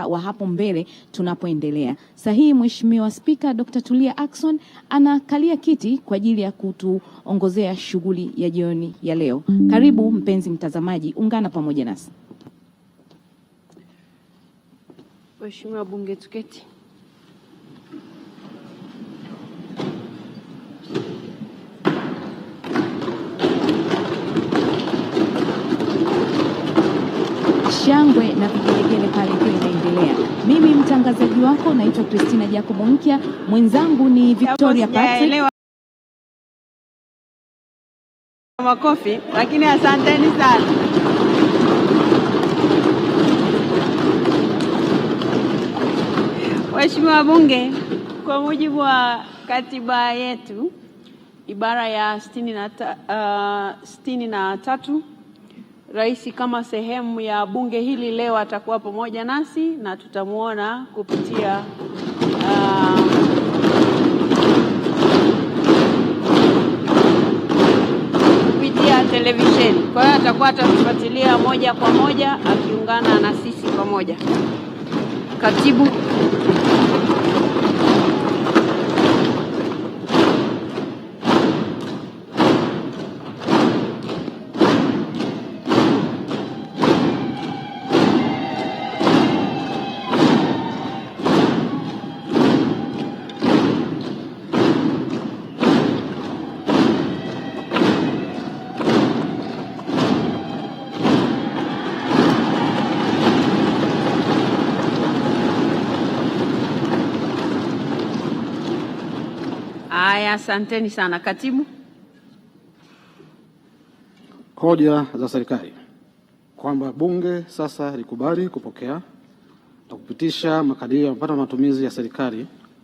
wa hapo mbele tunapoendelea. Sasa hii Mheshimiwa Spika Dr. Tulia Ackson anakalia kiti kwa ajili ya kutuongozea shughuli ya jioni ya leo. Karibu mpenzi mtazamaji, ungana pamoja nasi. Mheshimiwa Bunge, tuketi. shangwe na vigelegele pale ikiwa inaendelea. Mimi mtangazaji wako naitwa Christina Jacobo Mkya, mwenzangu ni Victoria Patrick. Makofi, lakini asanteni sana. Waheshimiwa wabunge, kwa mujibu wa katiba yetu ibara ya sitini na, ta, uh, sitini na tatu rais kama sehemu ya bunge hili leo atakuwa pamoja nasi na tutamwona kupitia uh, kupitia televisheni. Kwa hiyo atakuwa atatufuatilia moja kwa moja akiungana na sisi pamoja. Katibu Haya, asanteni sana. Katibu, hoja za serikali kwamba bunge sasa likubali kupokea na kupitisha makadirio ya mapato na matumizi ya serikali